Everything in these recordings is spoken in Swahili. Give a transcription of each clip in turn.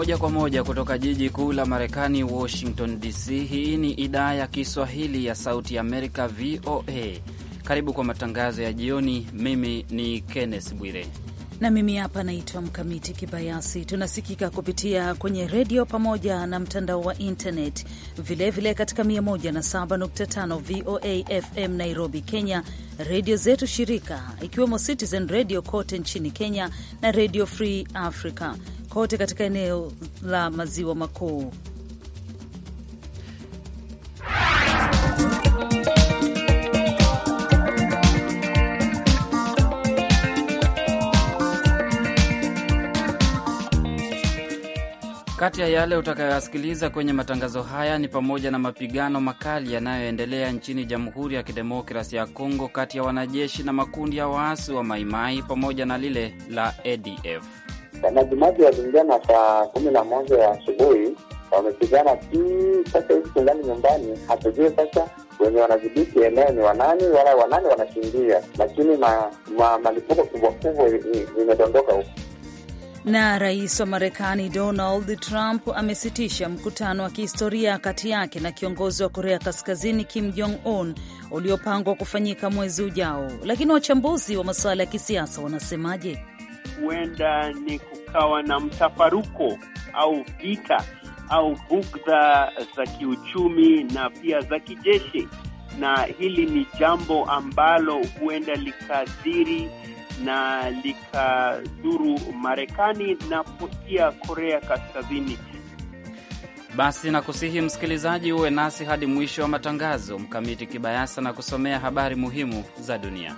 Moja kwa moja kutoka jiji kuu la Marekani, Washington DC. Hii ni idhaa ya Kiswahili ya Sauti Amerika, VOA. Karibu kwa matangazo ya jioni. Mimi ni Kenneth Bwire na mimi hapa naitwa Mkamiti Kibayasi. Tunasikika kupitia kwenye redio pamoja na mtandao wa internet vilevile, katika 107.5 VOA FM Nairobi, Kenya, redio zetu shirika ikiwemo Citizen Radio kote nchini Kenya na redio Free Africa kote katika eneo la maziwa makuu. Kati ya yale utakayoyasikiliza kwenye matangazo haya ni pamoja na mapigano makali yanayoendelea nchini Jamhuri ya Kidemokrasia ya Kongo kati ya wanajeshi na makundi ya waasi wa Maimai pamoja na lile la ADF. Majimaji walipigana saa kumi na moja ya asubuhi, wamepigana kii sasa hivi tungani nyumbani, hatujui sasa wenye wanadhibiti eneo ni wanani wala wanani wanashindia, lakini ma, ma, malipuko kubwa kubwa imedondoka huko. Na rais wa Marekani Donald Trump amesitisha mkutano wa kihistoria kati yake na kiongozi wa Korea Kaskazini Kim Jong Un uliopangwa kufanyika mwezi ujao, lakini wachambuzi wa masuala ya kisiasa wanasemaje? huenda ni kukawa na mtafaruko au vita au bugdha za kiuchumi na pia za kijeshi, na hili ni jambo ambalo huenda likadhiri na likadhuru Marekani na pia Korea Kaskazini. Basi nakusihi msikilizaji, uwe nasi hadi mwisho wa matangazo. Mkamiti Kibayasa na kusomea habari muhimu za dunia.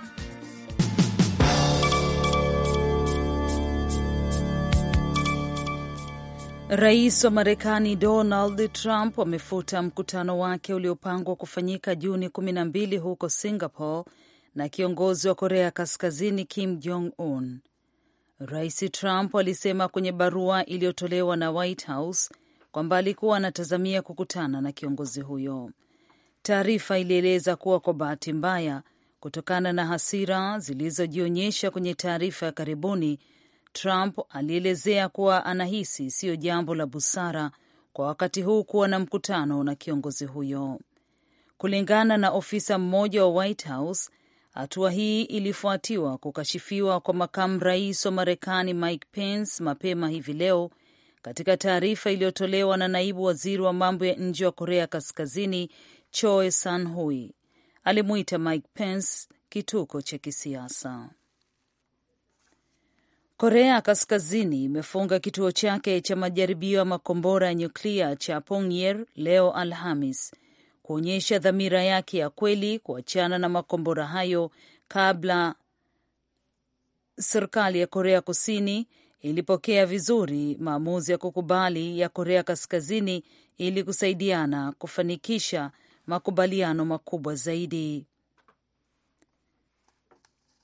Rais wa Marekani Donald Trump amefuta mkutano wake uliopangwa kufanyika Juni 12 huko Singapore na kiongozi wa Korea Kaskazini Kim Jong Un. Rais Trump alisema kwenye barua iliyotolewa na White House kwamba alikuwa anatazamia kukutana na kiongozi huyo. Taarifa ilieleza kuwa kwa bahati mbaya, kutokana na hasira zilizojionyesha kwenye taarifa ya karibuni Trump alielezea kuwa anahisi siyo jambo la busara kwa wakati huu kuwa na mkutano na kiongozi huyo. Kulingana na ofisa mmoja wa White House, hatua hii ilifuatiwa kukashifiwa kwa makamu rais wa Marekani Mike Pence mapema hivi leo katika taarifa iliyotolewa na naibu waziri wa mambo ya nje wa Korea Kaskazini Choe sanhui Alimuita Mike Pence kituko cha kisiasa. Korea Kaskazini imefunga kituo chake cha majaribio ya makombora ya nyuklia cha Pongyer leo Alhamis, kuonyesha dhamira yake ya kweli kuachana na makombora hayo kabla Serikali ya Korea Kusini ilipokea vizuri maamuzi ya kukubali ya Korea Kaskazini ili kusaidiana kufanikisha makubaliano makubwa zaidi.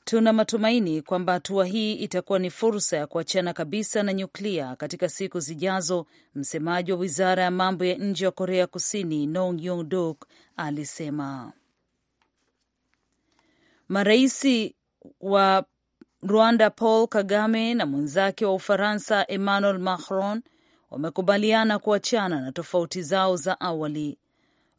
Tuna matumaini kwamba hatua hii itakuwa ni fursa ya kuachana kabisa na nyuklia katika siku zijazo, msemaji wa wizara ya mambo ya nje ya Korea Kusini Nong Yong Duk alisema. marais wa Rwanda Paul Kagame na mwenzake wa Ufaransa Emmanuel Macron wamekubaliana kuachana na tofauti zao za awali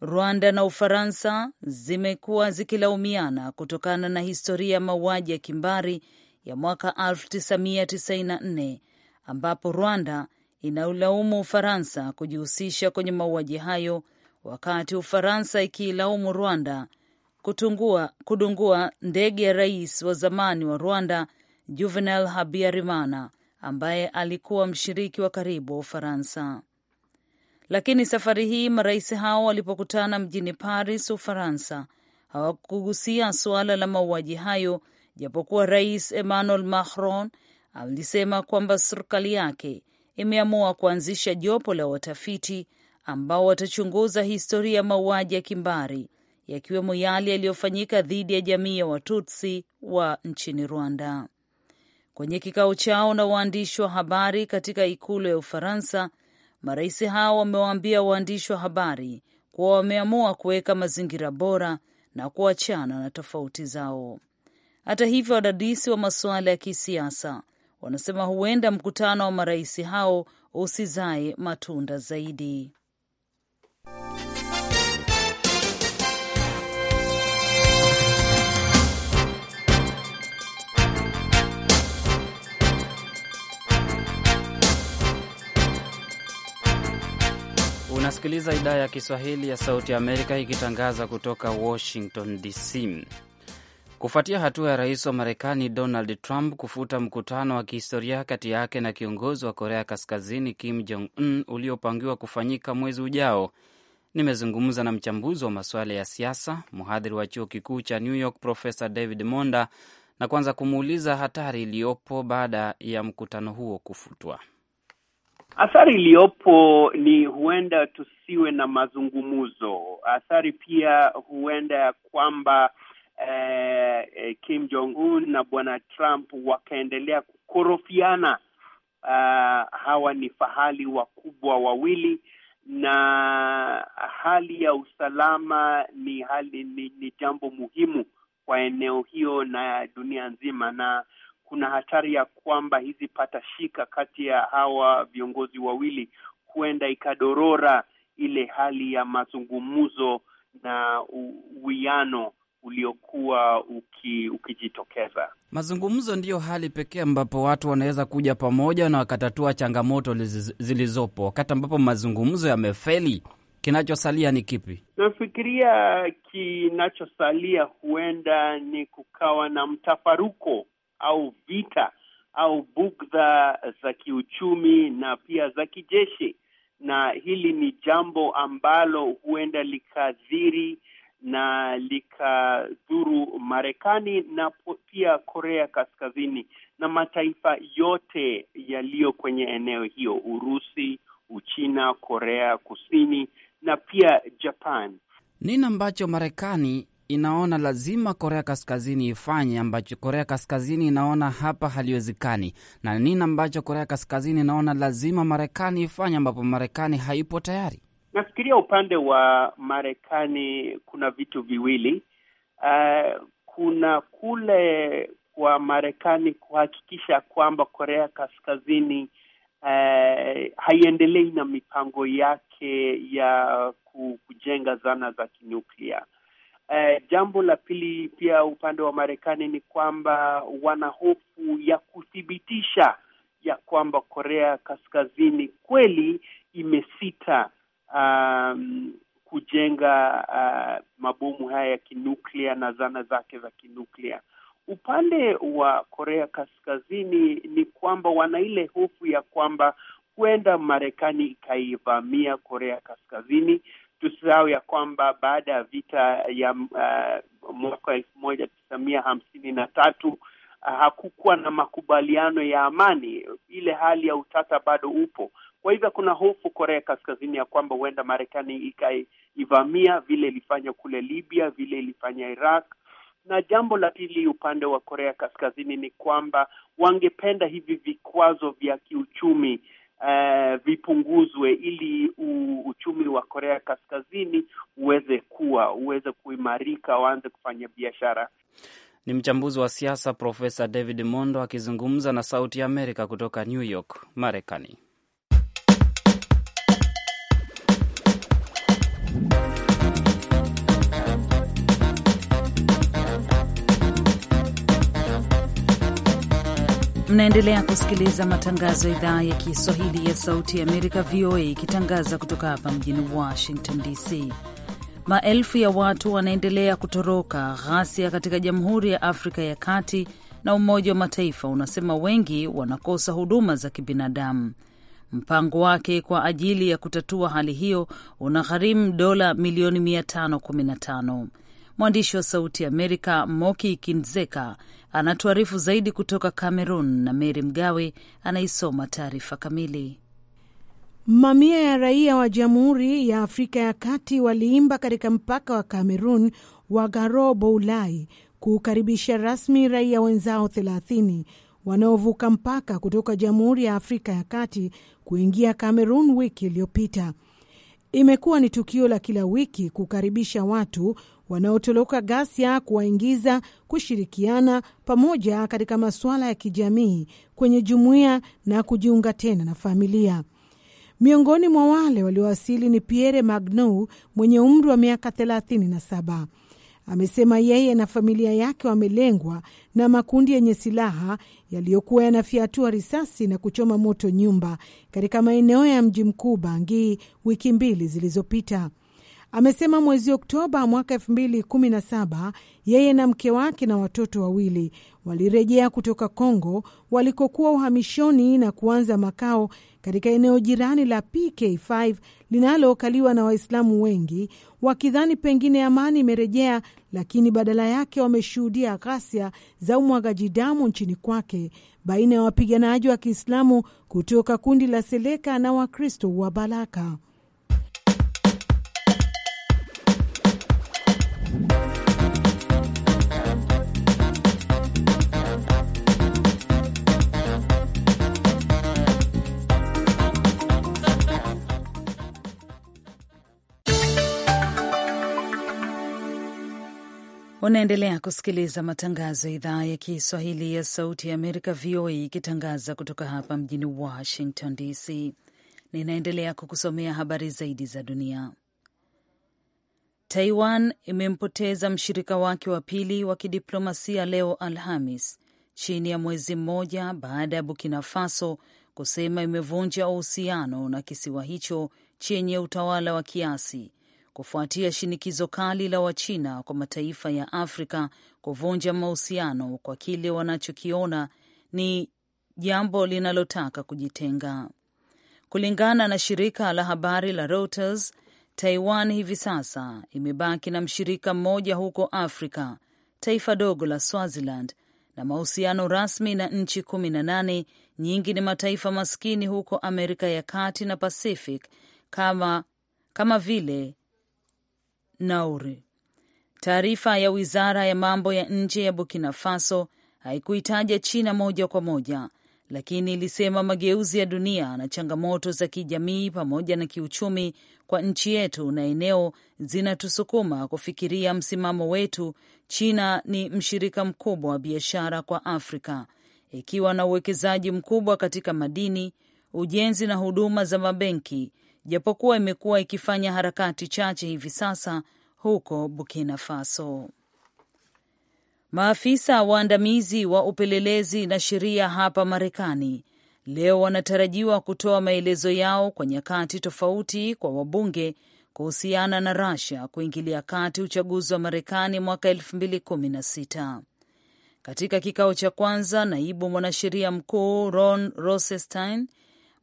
Rwanda na Ufaransa zimekuwa zikilaumiana kutokana na historia ya mauaji ya kimbari ya mwaka 1994 ambapo Rwanda inaulaumu Ufaransa kujihusisha kwenye mauaji hayo, wakati Ufaransa ikiilaumu Rwanda kutungua, kudungua ndege ya rais wa zamani wa Rwanda Juvenal Habyarimana ambaye alikuwa mshiriki wa karibu wa Ufaransa. Lakini safari hii marais hao walipokutana mjini Paris, Ufaransa, hawakugusia suala la mauaji hayo, japokuwa Rais Emmanuel Macron alisema kwamba serikali yake imeamua kuanzisha jopo la watafiti ambao watachunguza historia ya mauaji ya kimbari yakiwemo yale yaliyofanyika dhidi ya jamii ya Watutsi wa nchini Rwanda. Kwenye kikao chao na waandishi wa habari katika ikulu ya Ufaransa, Marais hao wamewaambia waandishi wa habari kuwa wameamua kuweka mazingira bora na kuachana na tofauti zao. Hata hivyo, wadadisi wa masuala ya kisiasa wanasema huenda mkutano wa marais hao usizae matunda zaidi. Unasikiliza idhaa ya Kiswahili ya Sauti ya Amerika ikitangaza kutoka Washington DC. Kufuatia hatua ya rais wa Marekani Donald Trump kufuta mkutano wa kihistoria kati yake na kiongozi wa Korea Kaskazini Kim Jong Un uliopangiwa kufanyika mwezi ujao, nimezungumza na mchambuzi wa masuala ya siasa, mhadhiri wa chuo kikuu cha New York Profesa David Monda, na kwanza kumuuliza hatari iliyopo baada ya mkutano huo kufutwa. Athari iliyopo ni huenda tusiwe na mazungumzo. Athari pia huenda ya kwamba eh, eh Kim Jong Un na bwana Trump wakaendelea kukorofiana. Uh, hawa ni fahali wakubwa wawili na hali ya usalama ni hali ni, ni jambo muhimu kwa eneo hiyo na dunia nzima, na kuna hatari ya kwamba hizi patashika kati ya hawa viongozi wawili huenda ikadorora ile hali ya mazungumzo na uwiano uliokuwa uki, ukijitokeza. Mazungumzo ndiyo hali pekee ambapo watu wanaweza kuja pamoja na wakatatua changamoto zilizopo. Wakati ambapo mazungumzo yamefeli, kinachosalia ni kipi? Nafikiria kinachosalia huenda ni kukawa na mtafaruko au vita au bugdha za kiuchumi na pia za kijeshi, na hili ni jambo ambalo huenda likadhiri na likadhuru Marekani na pia Korea Kaskazini na mataifa yote yaliyo kwenye eneo hiyo, Urusi, Uchina, Korea Kusini na pia Japan. Nini ambacho Marekani inaona lazima Korea Kaskazini ifanye ambacho Korea Kaskazini inaona hapa haliwezekani, na nini ambacho Korea Kaskazini inaona lazima Marekani ifanye ambapo Marekani haipo tayari? Nafikiria upande wa Marekani kuna vitu viwili. Uh, kuna kule kwa Marekani kuhakikisha kwamba Korea Kaskazini uh, haiendelei na mipango yake ya kujenga zana za kinyuklia Eh, jambo la pili pia upande wa Marekani ni kwamba wana hofu ya kuthibitisha ya kwamba Korea Kaskazini kweli imesita um, kujenga uh, mabomu haya ya kinuklia na zana zake za kinuklia. Upande wa Korea Kaskazini ni kwamba wana ile hofu ya kwamba huenda Marekani ikaivamia Korea Kaskazini tusisahau ya kwamba baada ya vita ya uh, mwaka elfu moja tisa mia hamsini na tatu uh, hakukuwa na makubaliano ya amani. Ile hali ya utata bado upo. Kwa hivyo kuna hofu Korea Kaskazini ya kwamba huenda Marekani ikaivamia vile ilifanya kule Libya, vile ilifanya Iraq. Na jambo la pili upande wa Korea Kaskazini ni kwamba wangependa hivi vikwazo vya kiuchumi uh, vipunguzwe ili u, uchumi wa Korea Kaskazini uweze kuwa uweze kuimarika, waanze kufanya biashara. Ni mchambuzi wa siasa Profesa David Mondo akizungumza na Sauti ya Amerika kutoka New York, Marekani. Mnaendelea kusikiliza matangazo ya idhaa ya Kiswahili ya Sauti ya Amerika, VOA, ikitangaza kutoka hapa mjini Washington DC. Maelfu ya watu wanaendelea kutoroka ghasia katika Jamhuri ya Afrika ya Kati, na Umoja wa Mataifa unasema wengi wanakosa huduma za kibinadamu. Mpango wake kwa ajili ya kutatua hali hiyo unagharimu dola milioni 515. Mwandishi wa Sauti Amerika Moki Kinzeka anatuarifu zaidi kutoka Cameroon na Meri Mgawe anaisoma taarifa kamili. Mamia ya raia wa Jamhuri ya Afrika ya Kati waliimba katika mpaka wa Cameroon wa Garo Boulai kuukaribisha rasmi raia wenzao 30 wanaovuka mpaka kutoka Jamhuri ya Afrika ya Kati kuingia Cameroon wiki iliyopita. Imekuwa ni tukio la kila wiki kukaribisha watu wanaotoroka ghasia, kuwaingiza kushirikiana pamoja katika masuala ya kijamii kwenye jumuiya na kujiunga tena na familia. Miongoni mwa wale waliowasili ni Pierre Magnou mwenye umri wa miaka 37. Amesema yeye na familia yake wamelengwa na makundi yenye silaha yaliyokuwa yanafyatua risasi na kuchoma moto nyumba katika maeneo ya mji mkuu Bangi wiki mbili zilizopita. Amesema mwezi Oktoba mwaka 2017 yeye na mke wake na watoto wawili walirejea kutoka Kongo walikokuwa uhamishoni na kuanza makao katika eneo jirani la PK5 linalokaliwa na Waislamu wengi, wakidhani pengine amani imerejea, lakini badala yake wameshuhudia ghasia za umwagaji damu nchini kwake baina ya wapiganaji wa Kiislamu kutoka kundi la Seleka na Wakristo wa Balaka. Unaendelea kusikiliza matangazo ya idhaa ya Kiswahili ya Sauti ya Amerika, VOA, ikitangaza kutoka hapa mjini Washington DC. Ninaendelea kukusomea habari zaidi za dunia. Taiwan imempoteza mshirika wake wa pili wa kidiplomasia leo Alhamis, chini ya mwezi mmoja baada ya Burkina Faso kusema imevunja uhusiano na kisiwa hicho chenye utawala wa kiasi kufuatia shinikizo kali la Wachina kwa mataifa ya Afrika kuvunja mahusiano kwa kile wanachokiona ni jambo linalotaka kujitenga. Kulingana na shirika la habari la Reuters, Taiwan hivi sasa imebaki na mshirika mmoja huko Afrika, taifa dogo la Swaziland, na mahusiano rasmi na nchi kumi na nane. Nyingi ni mataifa maskini huko Amerika ya Kati na Pacific kama, kama vile Nauri. Taarifa ya wizara ya mambo ya nje ya Burkina Faso haikuitaja China moja kwa moja, lakini ilisema mageuzi ya dunia na changamoto za kijamii pamoja na kiuchumi kwa nchi yetu na eneo zinatusukuma kufikiria msimamo wetu. China ni mshirika mkubwa wa biashara kwa Afrika, ikiwa na uwekezaji mkubwa katika madini, ujenzi na huduma za mabenki japokuwa imekuwa ikifanya harakati chache hivi sasa huko Burkina Faso. Maafisa waandamizi wa upelelezi na sheria hapa Marekani leo wanatarajiwa kutoa maelezo yao kwa nyakati tofauti kwa wabunge kuhusiana na Russia kuingilia kati uchaguzi wa Marekani mwaka 2016. Katika kikao cha kwanza, naibu mwanasheria mkuu Ron Rosenstein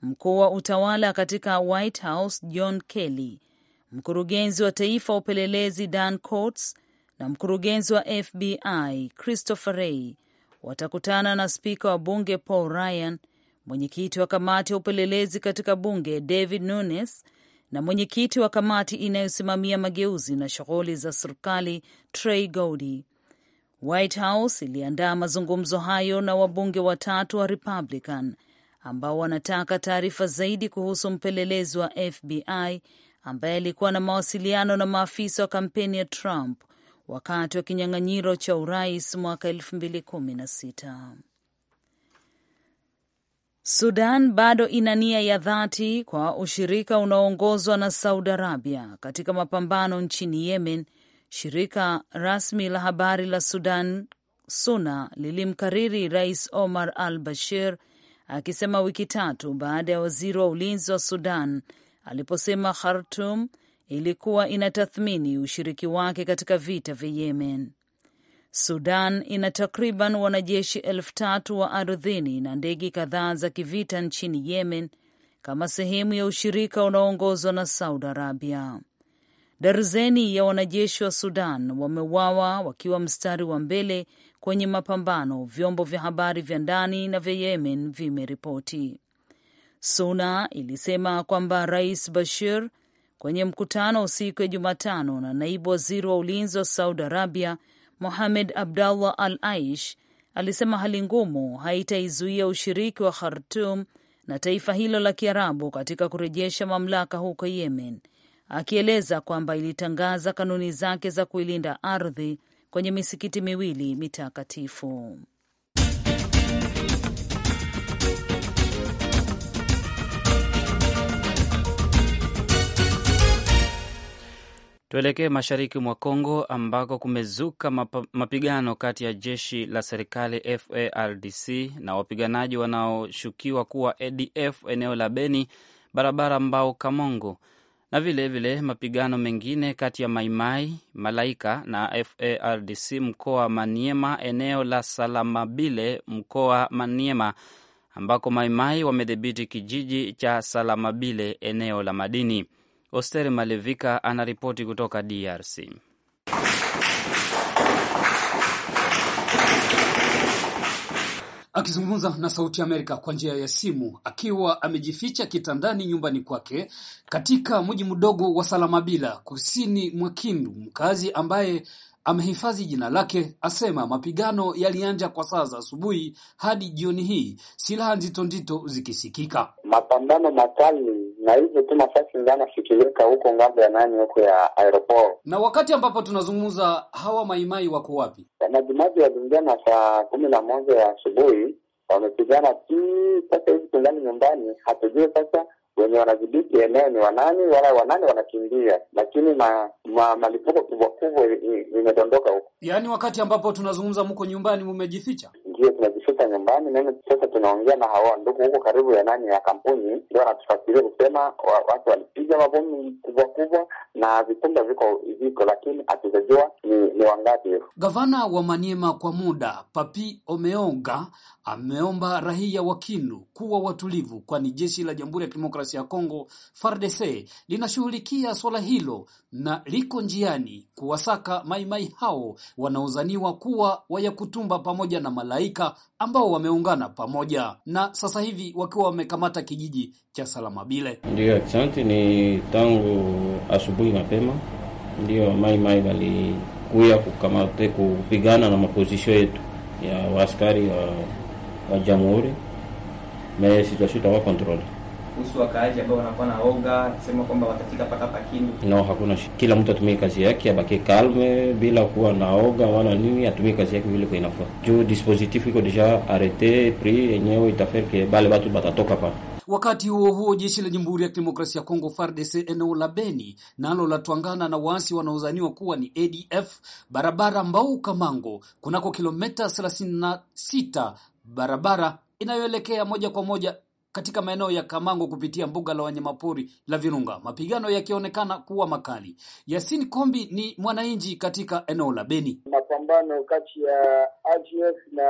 mkuu wa utawala katika White House John Kelly, mkurugenzi wa taifa wa upelelezi Dan Coats na mkurugenzi wa FBI Christopher Wray watakutana na spika wa bunge Paul Ryan, mwenyekiti wa kamati ya upelelezi katika bunge David Nunes na mwenyekiti wa kamati inayosimamia mageuzi na shughuli za serikali Trey Gowdy. White House iliandaa mazungumzo hayo na wabunge watatu wa Republican ambao wanataka taarifa zaidi kuhusu mpelelezi wa FBI ambaye alikuwa na mawasiliano na maafisa wa kampeni ya Trump wakati wa kinyang'anyiro cha urais mwaka 2016. Sudan bado ina nia ya dhati kwa ushirika unaoongozwa na Saudi Arabia katika mapambano nchini Yemen. Shirika rasmi la habari la Sudan SUNA lilimkariri Rais Omar al Bashir akisema wiki tatu baada ya waziri wa ulinzi wa Sudan aliposema Khartum ilikuwa inatathmini ushiriki wake katika vita vya Yemen. Sudan ina takriban wanajeshi elfu tatu wa ardhini na ndege kadhaa za kivita nchini Yemen kama sehemu ya ushirika unaoongozwa na Saudi Arabia. Darzeni ya wanajeshi wa Sudan wameuawa wakiwa mstari wa mbele kwenye mapambano, vyombo vya habari vya ndani na vya Yemen vimeripoti. Suna ilisema kwamba Rais Bashir kwenye mkutano usiku ya Jumatano na naibu waziri wa ulinzi wa Saudi Arabia Mohamed Abdallah Al Aish alisema hali ngumu haitaizuia ushiriki wa Khartum na taifa hilo la Kiarabu katika kurejesha mamlaka huko Yemen akieleza kwamba ilitangaza kanuni zake za kuilinda ardhi kwenye misikiti miwili mitakatifu. Tuelekee mashariki mwa Kongo ambako kumezuka mapigano kati ya jeshi la serikali FARDC na wapiganaji wanaoshukiwa kuwa ADF eneo la Beni, barabara Mbao Kamongo na vilevile vile mapigano mengine kati ya Maimai Malaika na FARDC mkoa Maniema, eneo la Salamabile mkoa Maniema, ambako Maimai wamedhibiti kijiji cha Salamabile eneo la madini. Oster Malevika anaripoti kutoka DRC. Akizungumza na Sauti Amerika kwa njia ya simu akiwa amejificha kitandani nyumbani kwake katika mji mdogo wa Salamabila kusini mwa Kindu, mkazi ambaye amehifadhi jina lake, asema mapigano yalianza kwa saa za asubuhi hadi jioni hii, silaha nzito nzito zikisikika, mapambano makali na hivyo tu nafasi zanafikirika huko ngambo ya nani, huko ya aeroport. Na wakati ambapo tunazungumza, hawa maimai wako wapi? Majimaji walingana saa kumi na moja ya asubuhi, wamepigana tu. sasa hivi tungani nyumbani, hatujui sasa wenye wanadhibiti eneo ni wanani, wala wanani wanakimbia, lakini ma, ma, malipuko kubwa kubwa imedondoka huko. Yaani wakati ambapo tunazungumza, mko nyumbani, mumejificha? Ndio, tunajificha nyumbani. Mimi sasa tunaongea na hawa ndugu huko karibu ya nani ya kampuni, ndio wanatufuatilia kusema wa, watu walipiga mabomu kubwa kubwa na vitumba viko viko, lakini hatujajua ni, ni wangapi. Gavana wa Maniema kwa muda Papi Omeonga ameomba raia wa Kindu kuwa watulivu, kwani jeshi la Jamhuri ya Kidemokrasia Kidemokrasia ya Kongo FARDC linashughulikia suala hilo na liko njiani kuwasaka maimai hao wanaozaniwa kuwa Wayakutumba pamoja na Malaika ambao wameungana pamoja na sasa hivi wakiwa wamekamata kijiji cha Salamabile. Ndiyo, asante. Ni tangu asubuhi mapema ndiyo maimai walikuya kukamata kupigana na mapozisio yetu ya waaskari wa, wa jamhuri me situasio itakuwa kontrole kuhusu wakaaji ambao wanakuwa na oga sema kwamba watafika mpaka pakini. No, hakuna kila mtu atumie kazi yake, abaki kalme bila kuwa na oga wala nini, atumie kazi yake vile kwa inafaa. Juu dispositif iko deja arete pri yenyewe itaferke bale batu batatoka pa Wakati huo huo, jeshi la Jamhuri ya Kidemokrasia ya Kongo FARDC eneo la Beni nalo latwangana na waasi wanaodhaniwa kuwa ni ADF barabara Mbau Kamango, kunako kilomita 36 barabara inayoelekea moja kwa moja katika maeneo ya Kamango kupitia mbuga la wanyamapori la Virunga, mapigano yakionekana kuwa makali. Yasin Kombi ni mwananchi katika eneo la Beni. Mapambano kati ya AGF na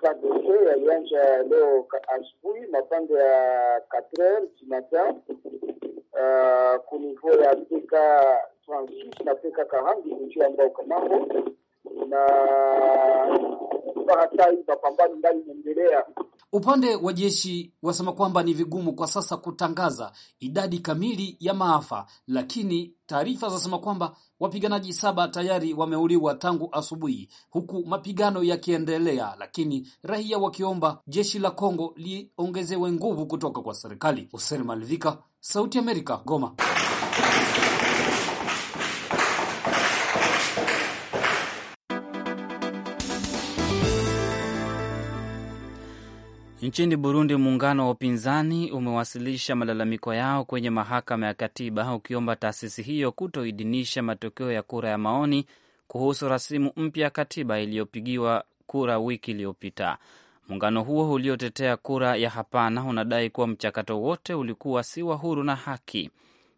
FARDC yalianza leo asubuhi mapande ya katrel kimata uh, kunivou ya Afrika transis na Afrika kahangi kunjia ambao Kamango na kwamba hata hii mapambano ndani inaendelea. Upande wa jeshi wasema kwamba ni vigumu kwa sasa kutangaza idadi kamili ya maafa, lakini taarifa zinasema kwamba wapiganaji saba tayari wameuliwa tangu asubuhi, huku mapigano yakiendelea, lakini raia wakiomba jeshi la Kongo liongezewe nguvu kutoka kwa serikali. Hoser Malivika, Sauti Amerika, Goma. Nchini Burundi, muungano wa upinzani umewasilisha malalamiko yao kwenye mahakama ya katiba ukiomba taasisi hiyo kutoidhinisha matokeo ya kura ya maoni kuhusu rasimu mpya ya katiba iliyopigiwa kura wiki iliyopita. Muungano huo uliotetea kura ya hapana unadai kuwa mchakato wote ulikuwa si wa huru na haki.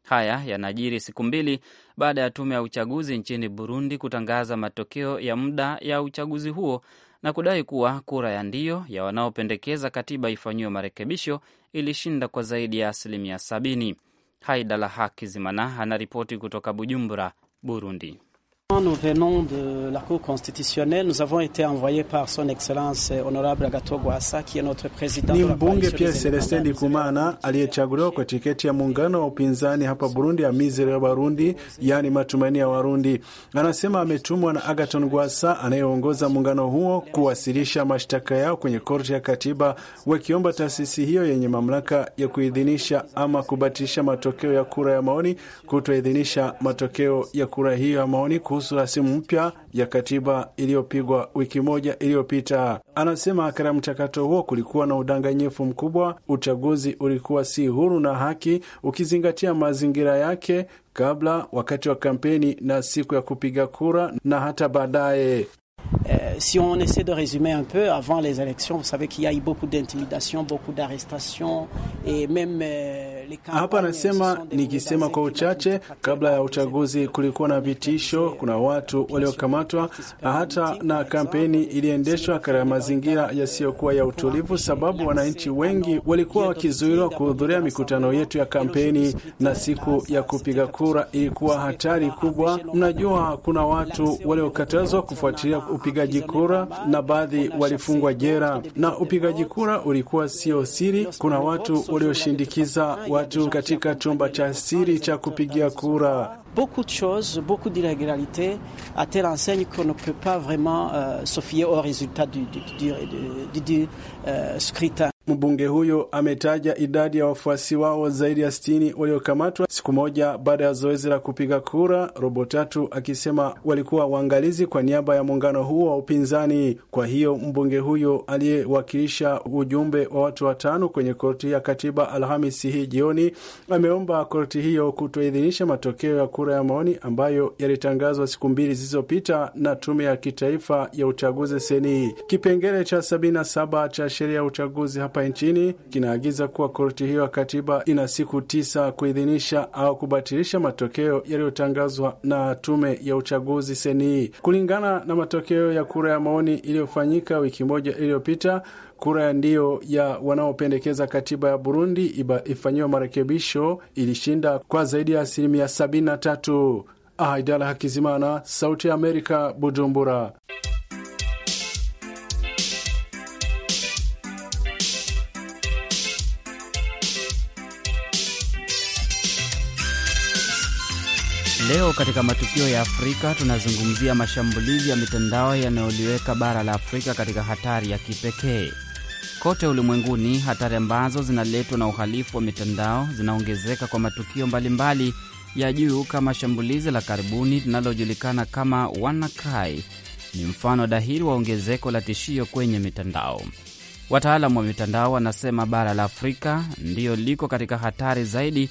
Haya yanajiri siku mbili baada ya tume ya uchaguzi nchini Burundi kutangaza matokeo ya muda ya uchaguzi huo na kudai kuwa kura ya ndio ya wanaopendekeza katiba ifanyiwe marekebisho ilishinda kwa zaidi ya asilimia sabini. Haidala Hakizimana anaripoti kutoka Bujumbura, Burundi. Nous venons de la Cour constitutionnelle. Nous avons été envoyés par Son Excellence eh, Honorable Agato Rwasa, qui est notre président. Ni mbunge Pierre Celestin Ndikumana aliyechaguliwa kwa tiketi ya muungano wa upinzani hapa Burundi ya Mizero ya Warundi, yaani matumaini ya Warundi, anasema ametumwa na agaton gwasa anayeongoza muungano huo kuwasilisha mashtaka yao kwenye korti ya katiba, wakiomba taasisi hiyo yenye mamlaka ya kuidhinisha ama kubatilisha matokeo ya kura ya maoni kutoidhinisha matokeo ya kura hiyo ya maoni kuhusu kuhusu rasimu mpya ya katiba iliyopigwa wiki moja iliyopita. Anasema katika mchakato huo kulikuwa na udanganyifu mkubwa. Uchaguzi ulikuwa si huru na haki ukizingatia mazingira yake kabla, wakati wa kampeni na siku ya kupiga kura na hata baadaye. Euh, si on essaie de résumer un peu, avant les élections, vous savez qu'il y a eu beaucoup d'intimidations, beaucoup d'arrestations et même euh, hapa anasema, nikisema kwa uchache, kabla ya uchaguzi kulikuwa na vitisho, kuna watu waliokamatwa, hata na kampeni iliendeshwa katika mazingira yasiyokuwa ya utulivu, sababu wananchi wengi walikuwa wakizuiliwa kuhudhuria mikutano yetu ya kampeni, na siku ya kupiga kura ilikuwa hatari kubwa. Mnajua kuna watu waliokatazwa kufuatilia upigaji kura na baadhi walifungwa jera, na upigaji kura ulikuwa sio siri. Kuna watu walioshindikiza watu katika chumba cha siri cha kupigia kura. Beaucoup de choses, beaucoup d'illégalités, à telle enseigne qu'on ne peut pas vraiment euh, se fier au résultat du du, du, du, du euh, scrutin. Mbunge huyo ametaja idadi ya wafuasi wao zaidi ya 60 waliokamatwa siku moja baada ya zoezi la kupiga kura robo tatu, akisema walikuwa waangalizi kwa niaba ya muungano huo wa upinzani. Kwa hiyo mbunge huyo aliyewakilisha ujumbe wa watu watano kwenye korti ya katiba Alhamisi hii jioni ameomba korti hiyo kutoidhinisha matokeo ya kura ya maoni ambayo yalitangazwa siku mbili zilizopita na tume ya kitaifa ya uchaguzi seni. Kipengele cha 77 cha sheria ya uchaguzi hapa hapa nchini kinaagiza kuwa korti hiyo ya katiba ina siku tisa kuidhinisha au kubatilisha matokeo yaliyotangazwa na tume ya uchaguzi seni Kulingana na matokeo ya kura ya maoni iliyofanyika wiki moja iliyopita, kura ya ndio ya wanaopendekeza katiba ya Burundi ifanyiwe marekebisho ilishinda kwa zaidi ya asilimia 73. Aidala Hakizimana, Sauti ya Amerika, Bujumbura. Leo katika matukio ya Afrika tunazungumzia mashambulizi ya mitandao yanayoliweka bara la Afrika katika hatari ya kipekee. Kote ulimwenguni, hatari ambazo zinaletwa na uhalifu wa mitandao zinaongezeka kwa matukio mbalimbali ya juu kama shambulizi la karibuni linalojulikana kama WannaCry ni mfano dahiri wa ongezeko la tishio kwenye mitandao. Wataalamu wa mitandao wanasema bara la Afrika ndiyo liko katika hatari zaidi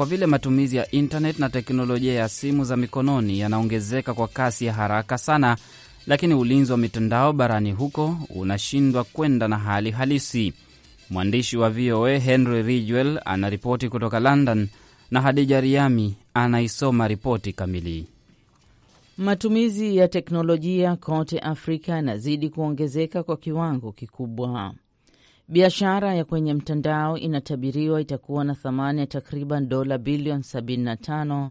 kwa vile matumizi ya internet na teknolojia ya simu za mikononi yanaongezeka kwa kasi ya haraka sana, lakini ulinzi wa mitandao barani huko unashindwa kwenda na hali halisi. Mwandishi wa VOA Henry Ridgwell anaripoti kutoka London na Hadija Riami anaisoma ripoti kamili. Matumizi ya teknolojia kote Afrika yanazidi kuongezeka kwa kiwango kikubwa. Biashara ya kwenye mtandao inatabiriwa itakuwa na thamani ya takriban dola bilioni 75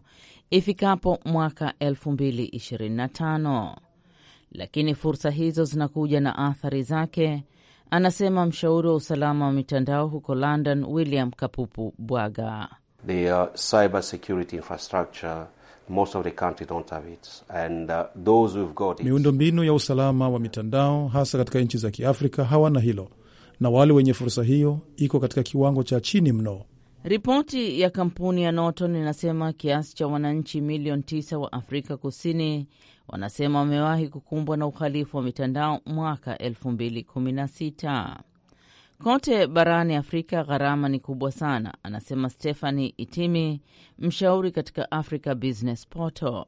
ifikapo mwaka 2025, lakini fursa hizo zinakuja na athari zake, anasema mshauri wa usalama wa mitandao huko London, William Kapupu Bwaga. The, uh, cyber security infrastructure uh, miundo mbinu ya usalama wa mitandao hasa katika nchi za Kiafrika hawana hilo na wale wenye fursa hiyo iko katika kiwango cha chini mno. Ripoti ya kampuni ya Norton inasema kiasi cha wananchi milioni tisa wa Afrika Kusini wanasema wamewahi kukumbwa na uhalifu wa mitandao mwaka 2016. Kote barani Afrika gharama ni kubwa sana, anasema stehani Itimi, mshauri katika Africa Business Portal.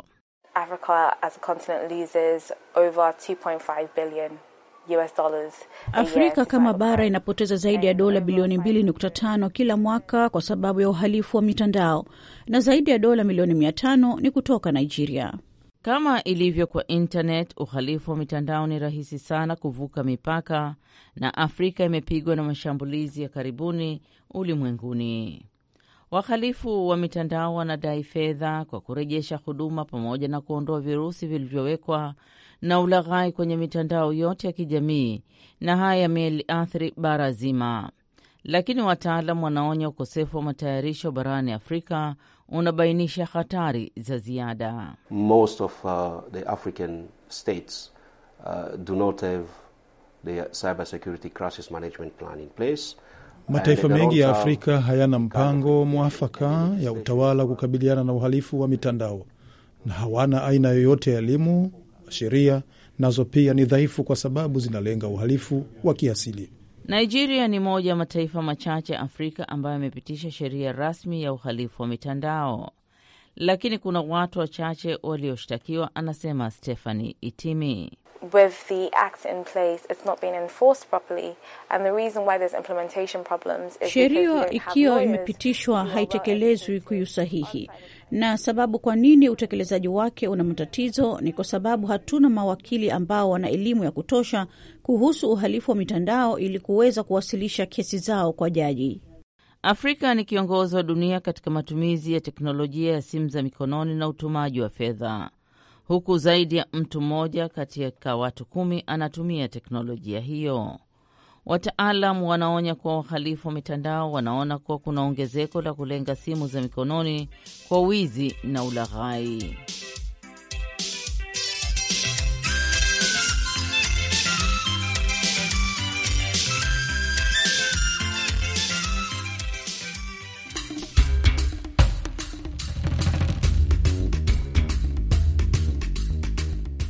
Africa as a continent loses over 2.5 billion US dollars Afrika kama bara inapoteza zaidi ya dola bilioni 2.5 kila mwaka kwa sababu ya uhalifu wa mitandao na zaidi ya dola milioni 500 ni kutoka Nigeria. Kama ilivyo kwa internet, uhalifu wa mitandao ni rahisi sana kuvuka mipaka, na Afrika imepigwa na mashambulizi ya karibuni ulimwenguni. Wahalifu wa mitandao wanadai fedha kwa kurejesha huduma pamoja na kuondoa virusi vilivyowekwa na ulaghai kwenye mitandao yote ya kijamii, na haya yameliathiri bara zima. Lakini wataalam wanaonya ukosefu wa matayarisho barani Afrika unabainisha hatari za ziada. Most of uh, the African states uh, do not have the crisis management plan in place. Mataifa mengi ya Afrika hayana mpango mwafaka ya utawala kukabiliana na uhalifu wa mitandao na hawana aina yoyote ya elimu sheria nazo pia ni dhaifu kwa sababu zinalenga uhalifu wa kiasili. Nigeria ni moja ya mataifa machache Afrika ambayo yamepitisha sheria rasmi ya uhalifu wa mitandao, lakini kuna watu wachache walioshtakiwa, anasema Stephanie Itimi with the act in place, it's not being enforced properly. And the reason why there's implementation problems is sheria ikiwa imepitishwa haitekelezwi kwa usahihi. Na sababu kwa nini utekelezaji wake una matatizo ni kwa sababu hatuna mawakili ambao wana elimu ya kutosha kuhusu uhalifu wa mitandao ili kuweza kuwasilisha kesi zao kwa jaji. Afrika ni kiongozi wa dunia katika matumizi ya teknolojia ya simu za mikononi na utumaji wa fedha huku zaidi ya mtu mmoja katika watu kumi anatumia teknolojia hiyo. Wataalam wanaonya kuwa wahalifu wa mitandao wanaona kuwa kuna ongezeko la kulenga simu za mikononi kwa wizi na ulaghai.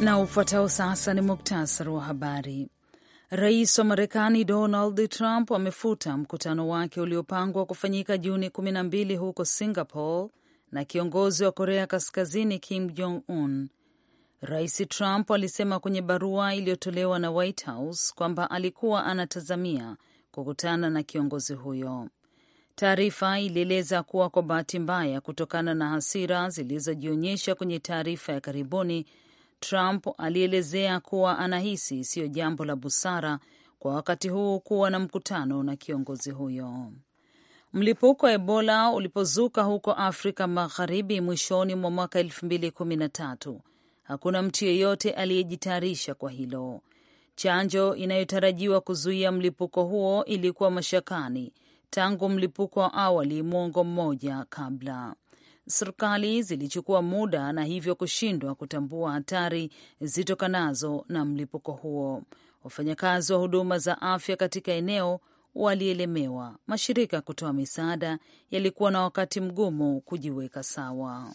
Na ufuatao sasa ni muktasari wa habari. Rais wa Marekani Donald Trump amefuta mkutano wake uliopangwa kufanyika Juni kumi na mbili huko Singapore na kiongozi wa Korea Kaskazini Kim Jong Un. Rais Trump alisema kwenye barua iliyotolewa na White House kwamba alikuwa anatazamia kukutana na kiongozi huyo. Taarifa ilieleza kuwa kwa bahati mbaya, kutokana na hasira zilizojionyesha kwenye taarifa ya karibuni Trump alielezea kuwa anahisi siyo jambo la busara kwa wakati huu kuwa na mkutano na kiongozi huyo. Mlipuko wa Ebola ulipozuka huko Afrika Magharibi mwishoni mwa mwaka elfu mbili kumi na tatu hakuna mtu yeyote aliyejitayarisha kwa hilo. Chanjo inayotarajiwa kuzuia mlipuko huo ilikuwa mashakani tangu mlipuko wa awali mwongo mmoja kabla serikali zilichukua muda na hivyo kushindwa kutambua hatari zitokanazo na mlipuko huo. Wafanyakazi wa huduma za afya katika eneo walielemewa. Mashirika ya kutoa misaada yalikuwa na wakati mgumu kujiweka sawa.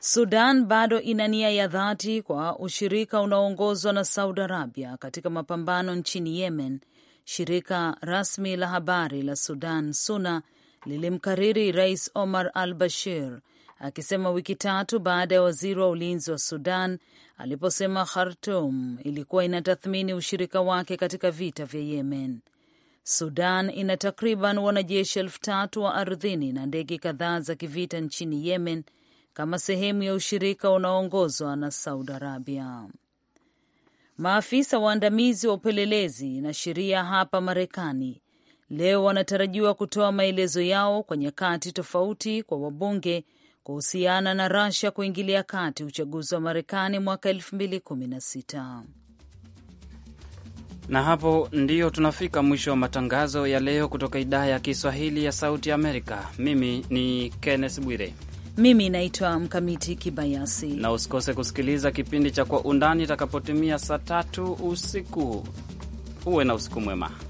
Sudan bado ina nia ya dhati kwa ushirika unaoongozwa na Saudi Arabia katika mapambano nchini Yemen. Shirika rasmi la habari la Sudan SUNA lilimkariri Rais Omar al Bashir akisema wiki tatu baada ya waziri wa ulinzi wa Sudan aliposema Khartum ilikuwa inatathmini ushirika wake katika vita vya Yemen. Sudan ina takriban wanajeshi elfu tatu wa ardhini na ndege kadhaa za kivita nchini Yemen kama sehemu ya ushirika unaoongozwa na Saudi Arabia. Maafisa waandamizi wa upelelezi na sheria hapa Marekani leo wanatarajiwa kutoa maelezo yao kwa nyakati tofauti kwa wabunge kuhusiana na Russia kuingilia kati uchaguzi wa Marekani mwaka 2016. Na hapo ndiyo tunafika mwisho wa matangazo ya leo kutoka idhaa ya Kiswahili ya Sauti ya Amerika. Mimi ni Kenneth Bwire. Mimi naitwa Mkamiti Kibayasi, na usikose kusikiliza kipindi cha Kwa Undani itakapotimia saa tatu usiku. Uwe na usiku mwema.